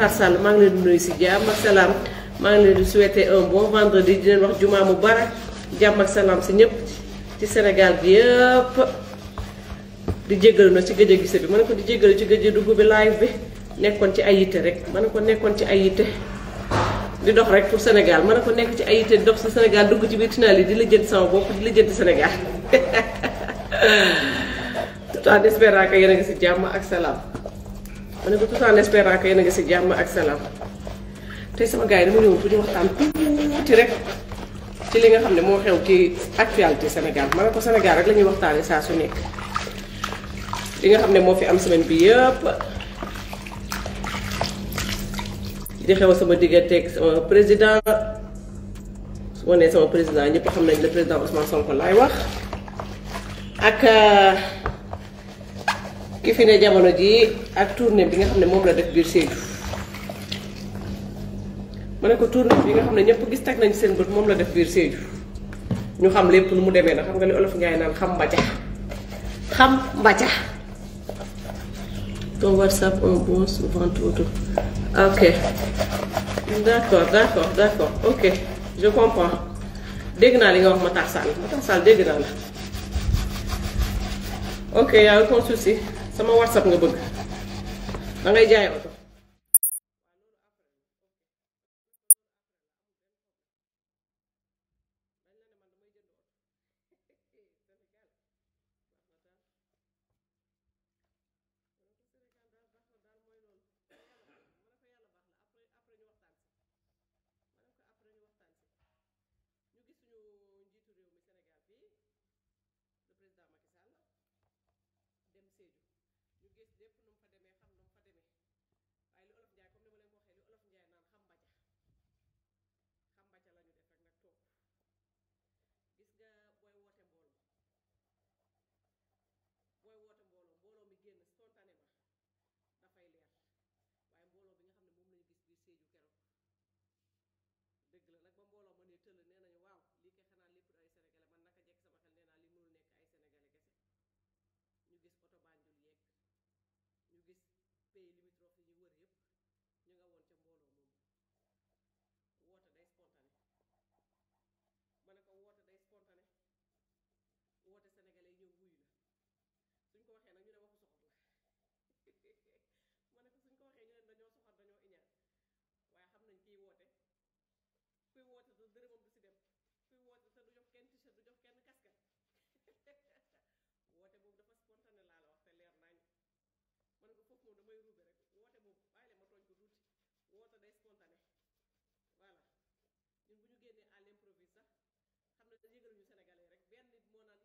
Tarsal ma ngi leen di nuyu si jàmm ak salaam ma ngi leen di souhaiter un bon vendredi di leen wax juma mubarak jàmm ak salaam si ñëpp ci Sénégal bi yëpp di jégalu na ci gëj gise bi ma ne ko di jégalu ci gëj a dugg bi live bi nekkoon ci ay yitte rek ma ne ko nekkoon ci ay yitte di dox rek pour Sénégal ma ne ko nekk ci ay yitte dox sa Sénégal dugg ci biir tunnel yi di la jënd sama bopp di la jënd Sénégal tout en espérant que yéen a si ak salaam ma ah? ne ko tout en espérant que yéen a ngi si ak salaam tey sama gars yi dama ñëw pour ñu waxtaan tuuti rek ci li nga xam ne moo xew ci actualité Sénégal ma ne ko Sénégal rek la ñuy waxtaanee saa su nekk. li nga xam ne moo fi am semaine bi yëpp di xew sama digganteeg sama oh, président su ma sama oh, président ñëpp xam nañ le président Ousmane Sonko wax ak. Ah, ki fi ne jamono ji ak tournée bi nga xam ne moom la def biir Sédhiou ma ne ko tournée bi nga xam ne ñëpp gis teg nañ seen bët moom la def biir Sédhiou ñu xam lépp lu mu demee nag xam nga li olof ngay naan xam mbaja xam mbaca ton WhatsApp un bon souvent tout ok d'accord d'accord d'accord ok je comprends dégg naa li nga wax Matar Sall Matar Sall dégg naa la ok y a sama whatsapp nga bëgg jaay gis lépp nu mu fa demee xam nu mu fa demee waaye lu ni ma leen ko waxee lu olof xam mbaca xam mbaca la ñu def gis nga booy woote mbooloo booy woote mbooloo mbooloo mi génn ma dafay leer waaye mbooloo bi nga xam ne moom lañu gis biir Sédhiou keroo dëgg la nag ba mbooloo ma ne tëll nee woote boobu dafa spontané laa la wax te leer nañ man nga foofu moom damay ruube rek woote boobu bàyyi leen ma tooñ ko tuuti woote day spontané voilà ñun bu ñu génnee à l'improviste sax xam ne yëgaluñu sénégalais rek benn nit moo naan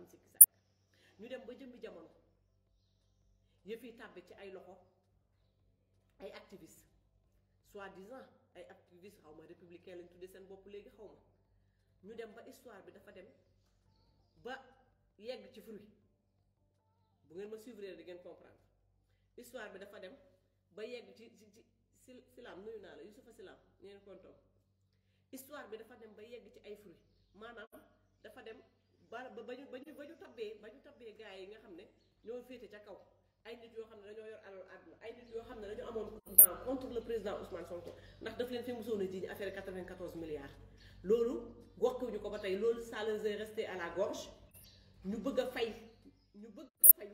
am sikki sàkk ñu dem ba jëmbi jamono yëfi yi ci ay loxo ay activistes soi-disant ay activistes xaw ma républicain lañ tuddee seen bopp léegi xaw ma ñu dem ba histoire bi dafa dem ba yegg ci fruit bu ngeen ma suivre di ngeen comprendre histoire bi dafa dem ba yegg ci ci ci silaam nuyu naa la Yusufa silaam ñeen kontoom histoire bi dafa dem ba yegg ci ay fruit maanaam dafa dem ba ba bañu ba ñu ba ñu tabbee yi nga xamné ñoo fété ca kaw ay nit yo xamné dañoo yor alal àdduna ay nit yo xamné dañu amoon dans contre le président Ousmane Sonko ndax daf leen fi mosoon a jiiñ affaire 94 milliards. loolu wokkuñu ko batay lolu loolu ça les est resté à la gorge ñu bëgg a fay ñu bëgg a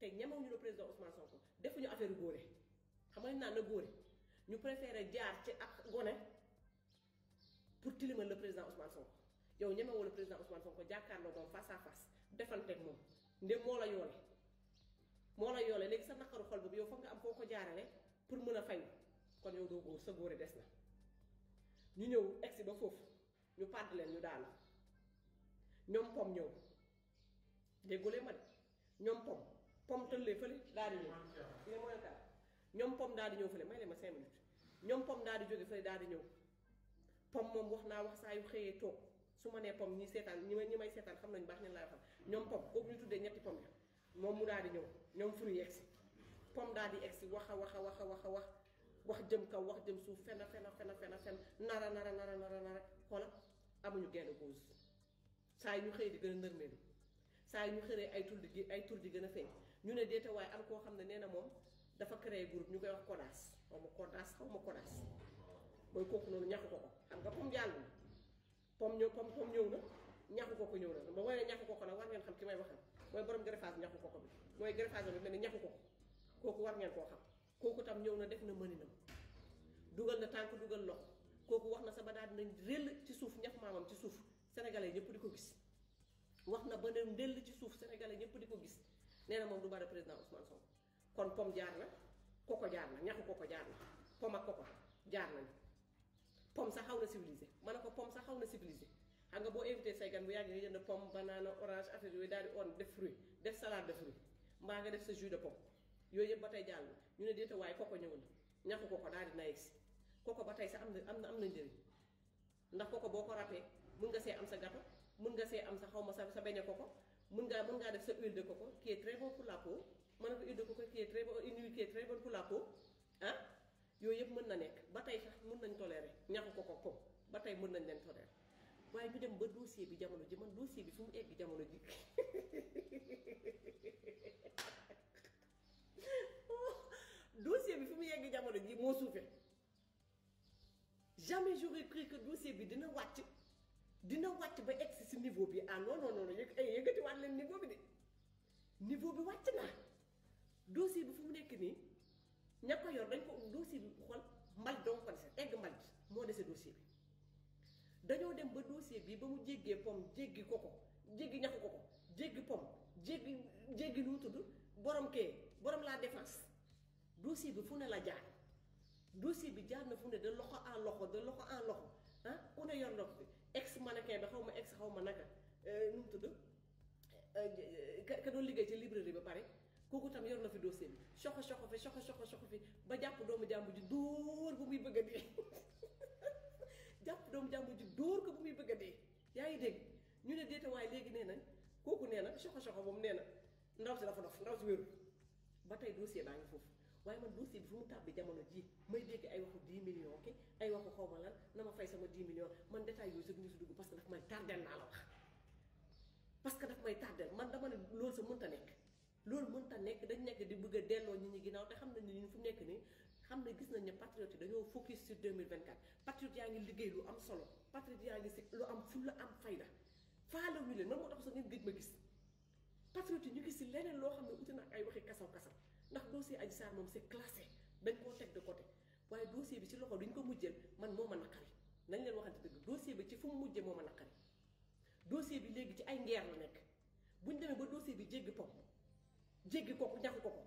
té ñamaw ñu le président Ousmane Sonko defuñu affaire góore xam nga na góore ñu préférer jaar ci ak gone pour tilimal le président Ousmane Sonko. yow ñeme wala président Ousmane Sonko jàkkaarloo moom face à face moom ndem moo la yoole moo la yoole léegi sa naqaru xol boobu yow foog nga am koo ko jaarale pour mën a fayu kon yow doo góor sa góore des na ñu ñëw si ba foofu ñu pàdd leen ñu daanu ñoom pom ñëw déggulee ma de ñoom pom pom tëllee fële daa di ñëw nga mën a ñoom pom daal di ñëw fële may leen ma cinq minutes ñoom pom daal di jóge fële daal di ñëw pom moom wax naa wax saa yu xëyee toog su ma nee pom ñi seetaan ñi may ñi may seetaan xam nañu baax ñan laay waxal ñoom pom kooku ñu tuddee ñetti pom ya moom mu daal di ñëw ñoom fruit yegg si pom daal di egg si wax a wax a wax a wax a wax wax jëm kaw wax jëm suuf fen fen fen fen fen nara nara nara nara nara xoola amuñu gain cause saa yi ñu xëy di gën a nërmeelu saa yi ñu xëree ay tur di ay tur di gën a feeñ ñu ne déeta waaye am koo xam ne nee na moom dafa këree groupe ñu koy wax kodaas xaw ma kodaas xaw ma kodaas mooy kooku noonu ñàkk ko pom ñëw pom pom ñëw na ñaxu koko ñëw na ba mooy ñaxu koko nag war ngeen xam ki may waxal mooy borom greffage ñaxu koko bi mooy greffage bi mel ni ñaxu ko kooku war ngeen koo xam kooku tam ñëw na def na mëninam dugal na tànk dugal loxo kooku wax na sa daal dinañ réll ci suuf ñax maamam ci suuf sénégalais ñëpp di ko gis wax na ba ne ndell ci suuf sénégalais ñëpp di ko gis nee na moom du bari président Ousmane Sonko kon pom jaar na ko jaar na ñaxu ko jaar na pom ak ko jaar nañ pomme sa xaw na civilisé ma ne ko pomme sa xaw na civilisé xam nga boo invité say gan bu yàgg nga jënd pomme banana orange affaire yooyu daal di on def fruit def salade de fruit mbaa nga def sa jus de pomme yooyu yëpp ba tey jàll ñu ne déeta waaye koko ñëw na ñaxu koko daal di naeg si koko ba tey sa am na am na am na njëriñ ndax kooko boo ko râpee mun nga see am sa gâteau mun nga see am sa xaw ma sa sa ko ko mun ngaa mën ngaa def sa huile de coco qui est la peau mën na ko de coco qui est très bon yooyu yëpp mën na nekk ba tey sax mën nañ toléré ñaxu ko ko ko ba tey mën nañ leen toléré waaye ñu dem ba dossier bi jamono ji man dossier bi fu mu egg jamono ji dossier bi fu mu yegg jamono ji moo suufee jamais j'aurais cru que dossier bi dina wàcc dina wàcc ba egg si niveau bi ah non non non yëg ay yëgati eh, waat leen niveau bi de niveau bi wàcc naa dossier bi fu mu nekk nii. ña ko yor dañ ko dossier bi bu xool mbal dong ko dese egg mbal bi moo dese dossier bi dañoo dem ba dossier bi ba mu jéggee pom jéggi ko ko jéggi ñaxu ko ko jéggi pom jéggi jéggi nu tudd borom kee borom laa défense dossier bi fu ne la jaar dossier bi jaar na fu ne de loxo en loxo de loxo en loxo ah ku ne yor ndox bi ex mannequin bi xaw ma ex xaw ma naka euh, nu mu tudd euh, euh, ka doon liggéey ci librairie ba pare kooku tam yoru na fi dossier bi soxo soxo fi soxo soxo soxo fi ba jàpp doomu jàmbur ji dóor bu muy bëgg a dee jàpp doomu jàmbur ji dóor ko bu muy bëgg a dee yaa ngi dégg ñu ne déeta waaye léegi nee nañ kooku nee na soxo soxo moom nee na ndaw si dafa dof ndaw si wérul ba tey dossier baa ngi foofu waaye man dossier bi fu mu tàbbi jamono ji may dégg ay waxu 10 millions ki ay waxu xawma lan na ma fay sama 10 millions man détail yooyu sax ñu si dugg parce que daf may tardel naa parce que daf may tardel man dama sa mënta loolu mënta nekk dañ nekk di bëgg delloo ñi ñi ginnaaw te xam na ne ñun fu nekk nii xam ne gis nañ ne patriote yi dañoo focus sur 2024 patriote yaa ngi liggéey lu am solo patriote yaa ngi si lu am fu la am fayda faala leen nan moo tax sax ngeen gëj ma gis patriote yi ñu gis si leneen loo xam ne uti na ay waxi kasaw-kasaw ndax dossier Adji Sarr moom c'est classé dañ koo teg de côté waaye dossier bi ci loxo duñ ko mujjeel man moo a naqari nañ leen waxante dëgg dossier bi ci fu mu mujjee moo ma naqari dossier bi léegi ci ay ngeer la nekk buñ demee ba dossier bi jéggi pop jéggi kooku ñàkk ko ko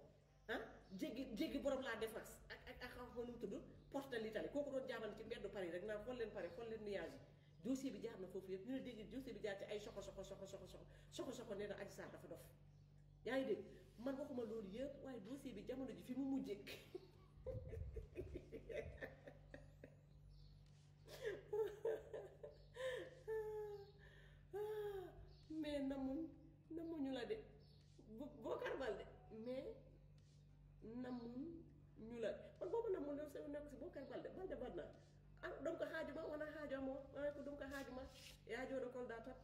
ah jéggi jéggi borom la défense ak ak ak xaw ma nu mu tudd porte de l'Italie kooku doon jaabal ci mbeddu Paris rek naan xool leen Paris xool leen nuage yi dossier bi jaar na foofu yëpp ñu ne dégg dossier bi jaar ci ay soxo soxo soxo soxo soxo soxo soxo nee na Adji Sarr dafa dof yaa ngi man waxuma loolu yëpp waaye dossier bi jamono ji fi mu mujjee yaa joono Kolda topp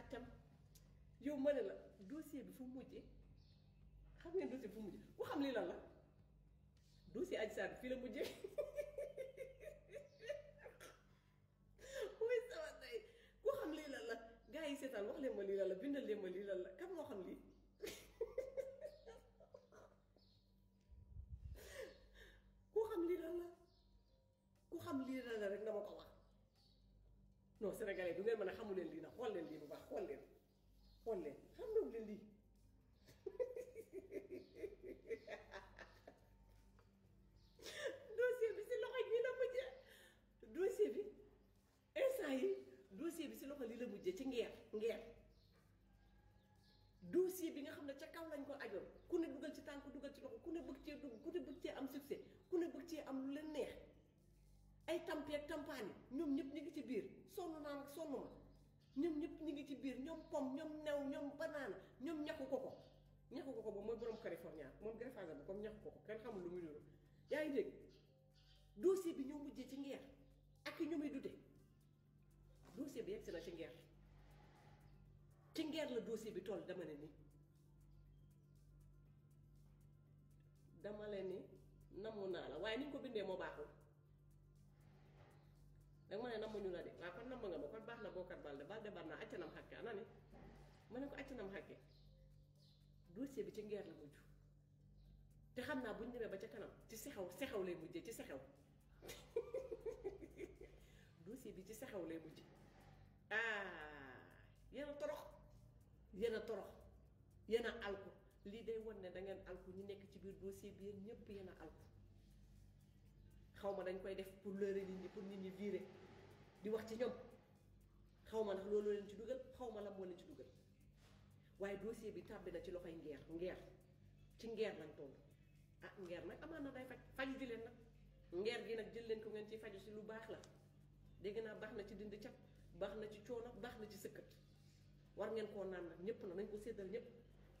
accam yow ma ne la dossier bi fu mujjee xam ngeen dossier bi fu mujjee ku xam lii lan la dossier Adji Sarr fii la mujjee muy sama tey ku xam lii lan la gars yi seetaan wax leen ma lii lan la bindal leen ma lii lan la kan moo xam lii ku xam lii lan la ku xam lii lan la rek dama ko wax non sénégalais du ngeen mën a xamu leen lii nag xool leen lii bu baax xool leen xool leen xam nañu leen lii dossier bi si loxo ñii la mujjee dossier bi instant yi dossier bi si loxo lii la mujjee ci ngeer ngeer dossier bi nga xam ne ca kaw lañ ko ajoon ku ne dugal ci tànk dugal ci loxo ku ne bëgg cee dugg ku ne bëgg cee am succès ku ne bëgg cee am lu leen neex ay tampeeg tampaani ñoom ñëpp ñu ngi ci biir sonn naa nag sonn ma ñoom ñëpp ñu ngi ci biir ñoom pom ñoom new ñoom banaana ñoom ñaxu ko ko ñaxu ko ko ba mooy borom California moom greffage bi comme ñaxu ko ko kenn xamul lu muy loolu yaa dégg dossier bi ñoo mujjee ci ngeer ak ñu muy dute dossier bi yegg si na ci ngeer ci ngeer la dossier bi toll dama ne ni dama leen ni namu naa la waaye ni ko bindee moo baaxul danga ma ne nammuñu la de waaw kon namm nga ma kon baax na boo kat balde balde baax naa accanam xàkke ana ni ma ne ko nam xàkke dossier bi ci ngeer la mujj te xam naa bu ñu demee ba ca kanam ci sexew sexaw lay mujjee ci sexaw dossier bi ci sexaw lay mujj ah yéen a torox yéen a torox yéen a alku lii day won ne da ngeen alku ñu nekk ci biir dossier bi yéen ñëpp yéen a alku xaw ma dañ koy def pour leurrer nit ñi pour nit ñi virer. di wax ci ñoom xaw ma ndax loolu leen ci dugal xaw ma la moo leen ci dugal waaye dossier bi tàbbi na ci loxoy ngeer ngeer ci ngeer nañ toll ah ngeer nag amaan na day faj faju ji leen nag ngeer gi nag jël leen ko ngeen ci faju si lu baax la dégg naa baax na ci dindi cat baax na ci coono baax na ci sëkkat war ngeen koo naan nag ñëpp na nañ ko séddal ñëpp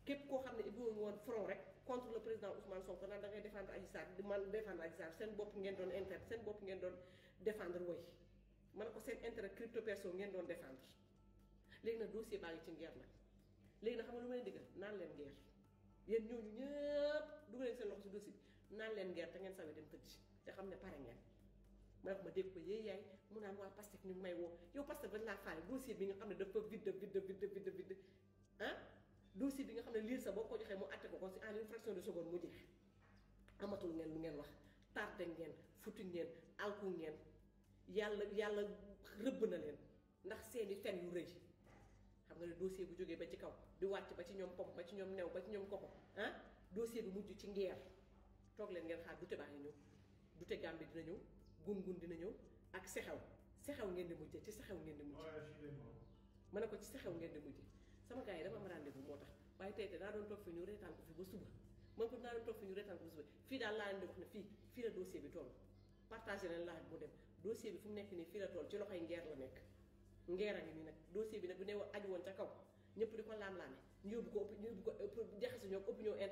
képp koo xam ne ibi woon front rek contre le président Ousmane Sonko naan da ngay défendre Adji Sarr di man défendre seen bopp ngeen doon intérêt seen bopp ngeen doon défendre woy ma ne ko seen intérêt crypto perso ngeen doon défendre léegi nag dossier baa ngi ci ngeer nag léegi nag xam nga lu ma leen digal naan leen ngeer yéen ñooñu ñëpp dugal leen seen loxo si dossier bi naan leen ngeer te ngeen dem tëdd xam ne pare ngeen ma ko ma dégg ko yéey mu naan waa Pastef ñu may woo yow Pastef dañ laa faale dossier bi nga xam ne dafa vide vide vide vide vide ah dossier bi nga xam ne liir sa boo ko joxee mu àtte ko ko si en seconde mu jeex amatul ngeen lu ngeen wax tardé ngeen futi ngeen alku ngeen yàlla yàlla rëbb na leen ndax seeni fen yu rëy xam nga ne dossier bu jógee ba ci kaw di wàcc ba ci ñoom pom ba ci ñoom new ba ci ñoom koko ah dossier bi mujj ci ngeer toog leen ngeen xaar dute baa ngi ñëw dute Gàmbi dina ñëw gungun dina ñëw ak sexew sexew ngeen di mujje ci sexew ngeen di mujje ma ne ko ci sexew ngeen di mujje sama gars yi dama am rendez-vous moo tax waaye tey tey daa doon toog fi ñu reetaan ko fi ba suba man ko daa doon toog fi ñu reetaan ko ba fii daal laa fii fii la dossier bi toll partagé leen laaj mu dossier bi fu mu nekk nii fii la tool ci loxoy ngeer la nekk ngeer a ngi nii nag dossier bi nag bu ne aju woon ca kaw ñëpp di ko laam-laame ñu yóbbu ko ñu ko jaxase ñoo opinion bi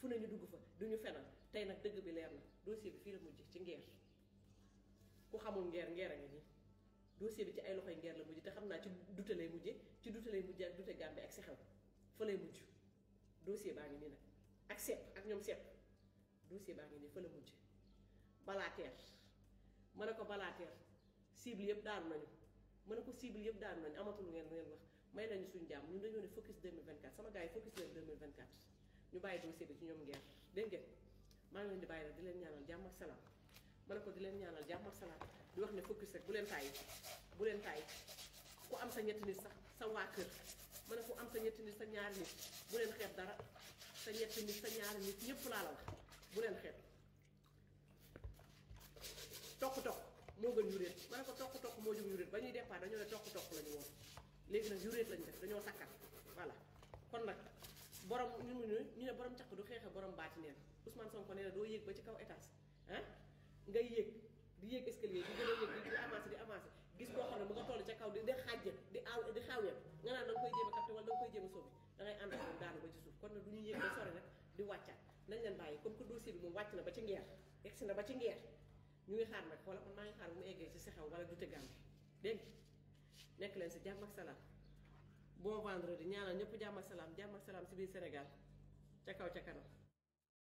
fu ñu dugg fa duñu fenal tey nag dëgg bi leer na dossier bi fii la mujj ci ngeer ku xamul ngeer ngeer a ngi nii dossier bi ci ay loxo loxoy ngeer la mujj te xam naa ci dute lay mujje ci dute lay mujje ak dute Gàmbi ak si xew fa lay mujj dossier baa ngi nii nag ak sepp ak ñoom sepp dossier baa ngi nii fa la mujj balaa teer ma ne ko balaa teer cible yëpp daanu nañu ma ne ko cible yëpp daan nañu amatul ngeen lu ngeen wax may nañu suñu jàmm ñun dañoo ne focus 2024 sama gars yi focus leen 2024 ñu bàyyi dossier bi ci ñoom ngeer dégg maa ngi leen di bàyyi rek di leen ñaanal jàmm ak salaam ma ne ko di leen ñaanal jàmm ak salaam di wax ne focus rek bu leen tàyyi bu leen tàyyi ku am sa ñetti nit sax sa waa kër ma ne ku am sa ñetti nit sa ñaari nit bu leen xeeb dara sa ñetti sa ñaari nit ñëpp laa bu leen xeeb toq-toq moo gën yuréet ma ne ko toq-toq moo jóg yuréet ba ñuy départ dañoo ne toq-toq la ñu woon léegi nag yuréet lañ def dañoo takkal voilà kon nag borom ñu ñu ne borom caq du xeexe borom baati neen Ousmane Sonko nee na doo yéeg ba ci kaw étage ngay yéeg di yéeg escalier di a yéeg di avancé gis koo xam ne mu nga toll ca kaw di de xàjje di aaw di xaaweel nga naan da nga koy jéem a capté wala da nga koy jéem a sóobi da ngay ànd ak daanu ba ci suuf kon nag du ñu yéeg ba sore nag di wàccaat nañ leen bàyyi comme que dossier bi moom wàcc na ba ci ngeer yegsi na ba ci ngeer ñu ngi xaar nag xoolal man ngi xaar bu mu eggee ci sexew xew wala dute gàmm dégg nekk leen si jàmm ak salaam bon vendredi ñaanal ñëpp jàmm ak salaam jàmm ak salaam si biir Sénégal ca kaw ca kanam.